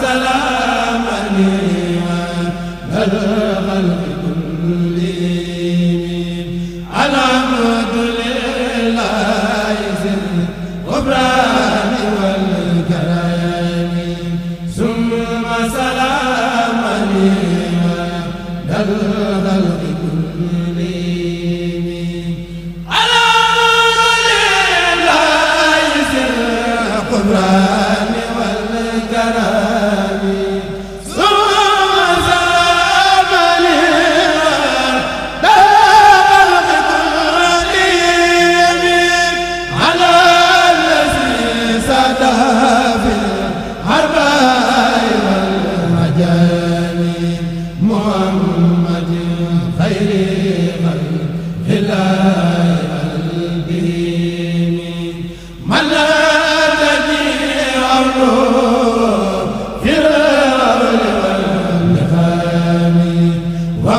salaamani la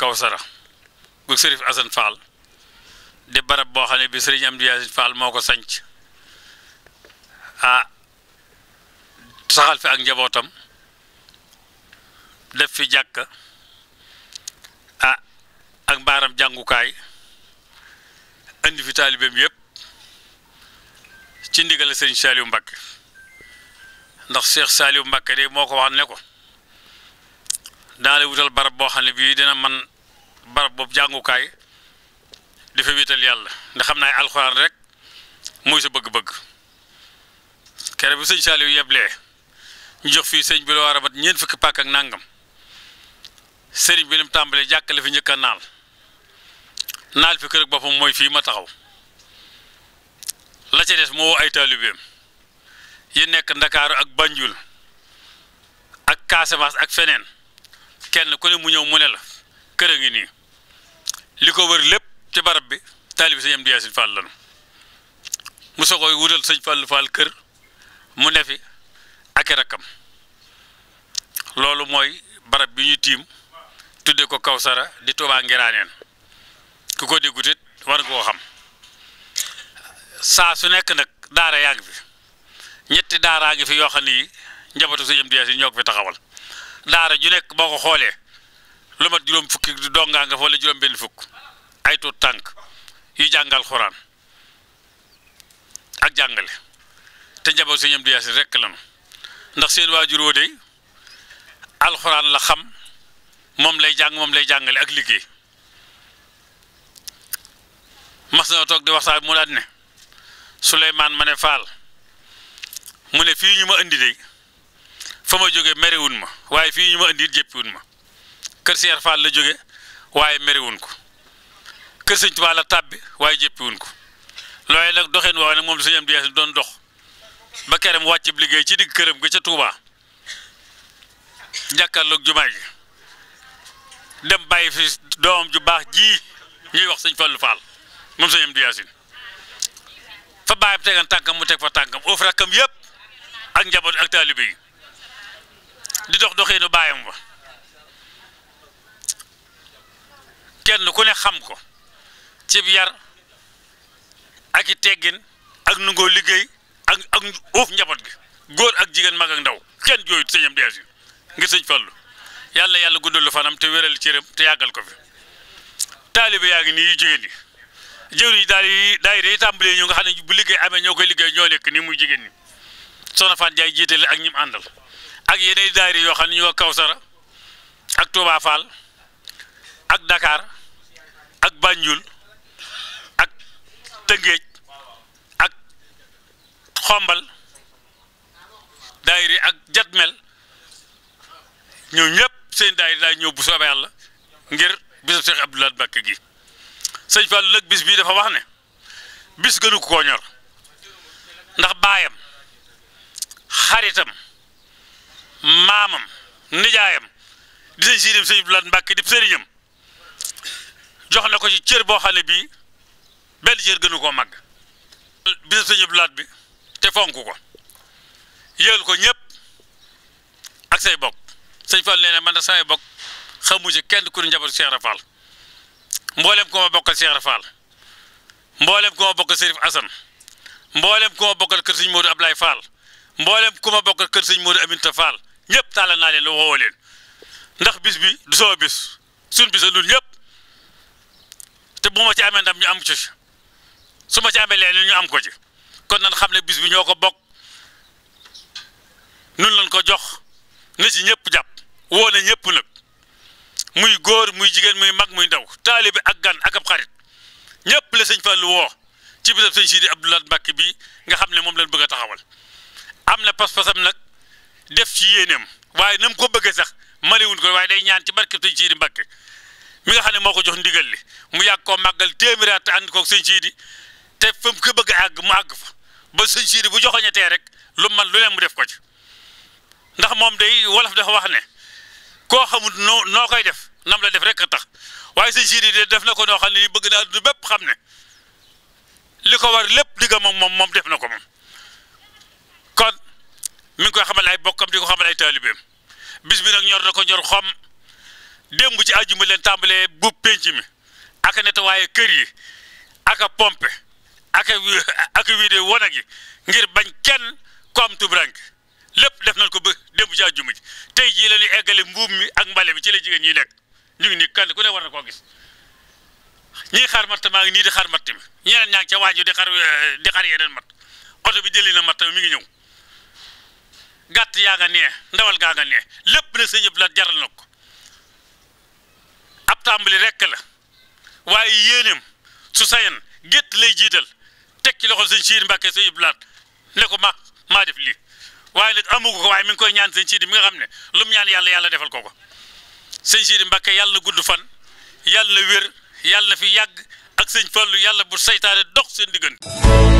Kawsara bu Sërif Asan Fall di barab boo xam ne bi Sëriñ Amdi Yaasin Fall moo ko sanc ah saxal fi ak njabootam def fi jàkka ah ak mbaaram jàngukaay indi fi taalibeem yëpp ci ndigal sëriñ Saliou Mbacké ndax Cheikh Saliou Mbacké de moo ko wax ne ko daa la wutal barab boo xam ne bii dina man barab boobu jàngukaay di fa wéetal yàlla ndaxam xam naa alxuraan rek mooy sa bëgg-bëgg kere bu sëñ Saliou yeblee ñu jox fii sëñ bi la war a mat ñeent fukki pàkk ak nangam sëriñ bi lim tàmbalee jàkkale fi njëkk a naal naal fi kër ak boppam mooy fii ma taxaw la ca des moo woo ay taalibeem yi nekk ndakaaru ak Banjul ak Casamance ak feneen kenn ku ne mu ñëw mu ne la kër a ngi nii li ko wër lépp ci barab bi taalibi sëñ Amdi Yaasin Fall lan mu soxoy sëñ Fall Fall mu ne fi ak loolu mooy barab bi ñuy tiim tudde ko Kawsara di Tuubaa Ngiraaneen ki ko déggut war nga koo xam saa su nekk nag daara yaa ngi fi ñetti daaraa ngi fi yoo xam ne yi njabootu sëñ Amdi Yaasin ñoo fi taxawal daara ju nekk boo ko xoolee lu juróom fukki dongaa nga fa wala juróom benn fukk ay tuut tànk yu jàngal xuraan ak jàngale te njaboot sëñ Amdi Yaasin rekk lanu ndax seen waajur woo dey alxuraan la xam moom lay jàng moom lay jàngale ak liggéey mas na toog di waxtaan mu daat ne Souleymane ma ne Faal mu ne fii ñu ma indi dey fa ma jóge merewun ma waaye fii ñu ma indi it ma kër Cheikh Fall la jóge waaye merewuñ ko kër sëñ Tuubaa la tàbbi waaye jéppiwuñ ko looy nag doxin woowu nag moom la sëñ am doon dox ba kerem wàccib liggéey ci digg këram ga ca Touba jàkkaarloog jumaa ji dem bàyyi fi doomam ju baax ji ñuy wax sëñ Fallu Fall moom sëñ am di yaasin fa bàyyi bu tànkam mu teg fa tànkam oof rakkam yëpp ak njaboot ak taalibe yi di dox doxinu bàyyam ba kenn ku ne xam ko cib yar ak i teggin ak nungoo liggéey ak ak uuf njaboot gi góor ak jigéen mag ak ndaw kenn jooyut sëñam dees yi ngir sëñ Fallu yàlla yàlla guddalu fanam te wéral cëram te yàggal ko fi taalibe yaa ngi nii jigéen yi jëwri yi daal yi daayira yi tàmbalee ñu nga xam bu liggéey amee ñoo koy liggéey ñoo lekk nii muy jigéen ñi soxna Faat Jaay jiitale ak ñim àndal ak yeneen daayira yoo xam ne ñu nga Kawsara ak Touba Fall ak dakaar ak Banjul ak Tëngéej ak Xombal daayiri ak Jatmel ñëw ñëpp seen daayiri daay ñëw bu soobee yàlla ngir bisab Cheikh Abdou Lahad Mbacké gi sëñ Fallou nag bis bii dafa wax ne bis gënu ko ñor ndax baayam xaritam maamam nijaayam di sëñ siirim sëñ Abdou Lahad Mbacké di sëriñam jox na ko ci cër boo xale ne bii benn cër gënu koo màgg bisu sëñ laat bi te fonk ko yéel ko ñëpp ak say bokk sëñ Fall nee na man na bokk xamu ci kenn ku ne njabootu Cheikh Rafal mboolem ko ma bokkal Cheikh Rafal mboolem ku ma bokkal Serif Assane mboolem ku ma bokkal kër sëñ Modou Ablaye Fall mboolem ku ma bokkal kër sëñ Modou Aminta Fall ñëpp tàllal naa leen lu ndax bis bi du soo bis suñ bisa nun ñëpp te bu ma ci amee ndam ñu am ci su ma ci amee leen ñu am ko ci kon nan xam ne bis bi ñoo ko bokk nun lañ ko jox na ci ñëpp jàpp woo na ñëpp nag muy góor muy jigéen muy mag muy ndaw taalibe ak gan ak ab xarit ñëpp la sëñ Fallou woo ci bisab sëñ Sidi Abdou Lahad bi nga xam ne moom lañ bëgg a taxawal am na pas-pasam nag def ci yéeneem waaye na mu ko bëggee sax maliwuñ ko waaye day ñaan ci barkeb sëñ Sidi Mbacké mi ne moo ko jox ndigal li mu yàgg koo màggal téeméeri at te ànd koog sëñ te fa mu ko bëgg àgg mu àgg fa ba sëñ siidi bu joxoñatee rek lu man lu ne mu def ko ci ndax moom day wolof dafa wax ne koo xamul noo noo koy def nam la def rek a tax waaye sëñ siidi de def na ko noo xam ne bëgg na àdduna bépp xam ne li ko war lépp digga moom moom moom def na ko moom kon mi koy xamal ay bokkam di ko xamal ay taalibeem bis bi nag ñor na ko ñor xom démb ci àjjuma leen tàmbalee bu penc mi aka nettoyé kër yi aka pompe aka aka vidéo wanag ngir bañ kenn ko am lépp def nañ ko ba démb ci àjjuma ji tey jii la ñuy eggale mbuub mi ak mbale mi ci la jigéen ñiy lekk ñu ngi nii kan ku ne war koo gis ñii xar matt maa ngi nii di xar matt mi ñeneen ñaa ca waaju di xar eh, di xar mat oto bi jëli na matt mi ngi ñëw gàtt yaa nga nee ndawal gaa nga nee lépp na sëñ yëpp la jaral na ko ab tàmbali rekk la waaye yéeneem su sayen gétt lay jiital teg ci loxol sëñ siidi mbàkke sëñ iblaat ne ko ma maa def lii waaye nag amu ko waaye mi ngi koy ñaan sëñ siidi mi nga xam ne lu yàlla yàlla defal ko ko sëñ yàlla gudd fan yàlla na yàlla fi yàgg ak sëñ fallu yàlla bu saytaane dox seen diggante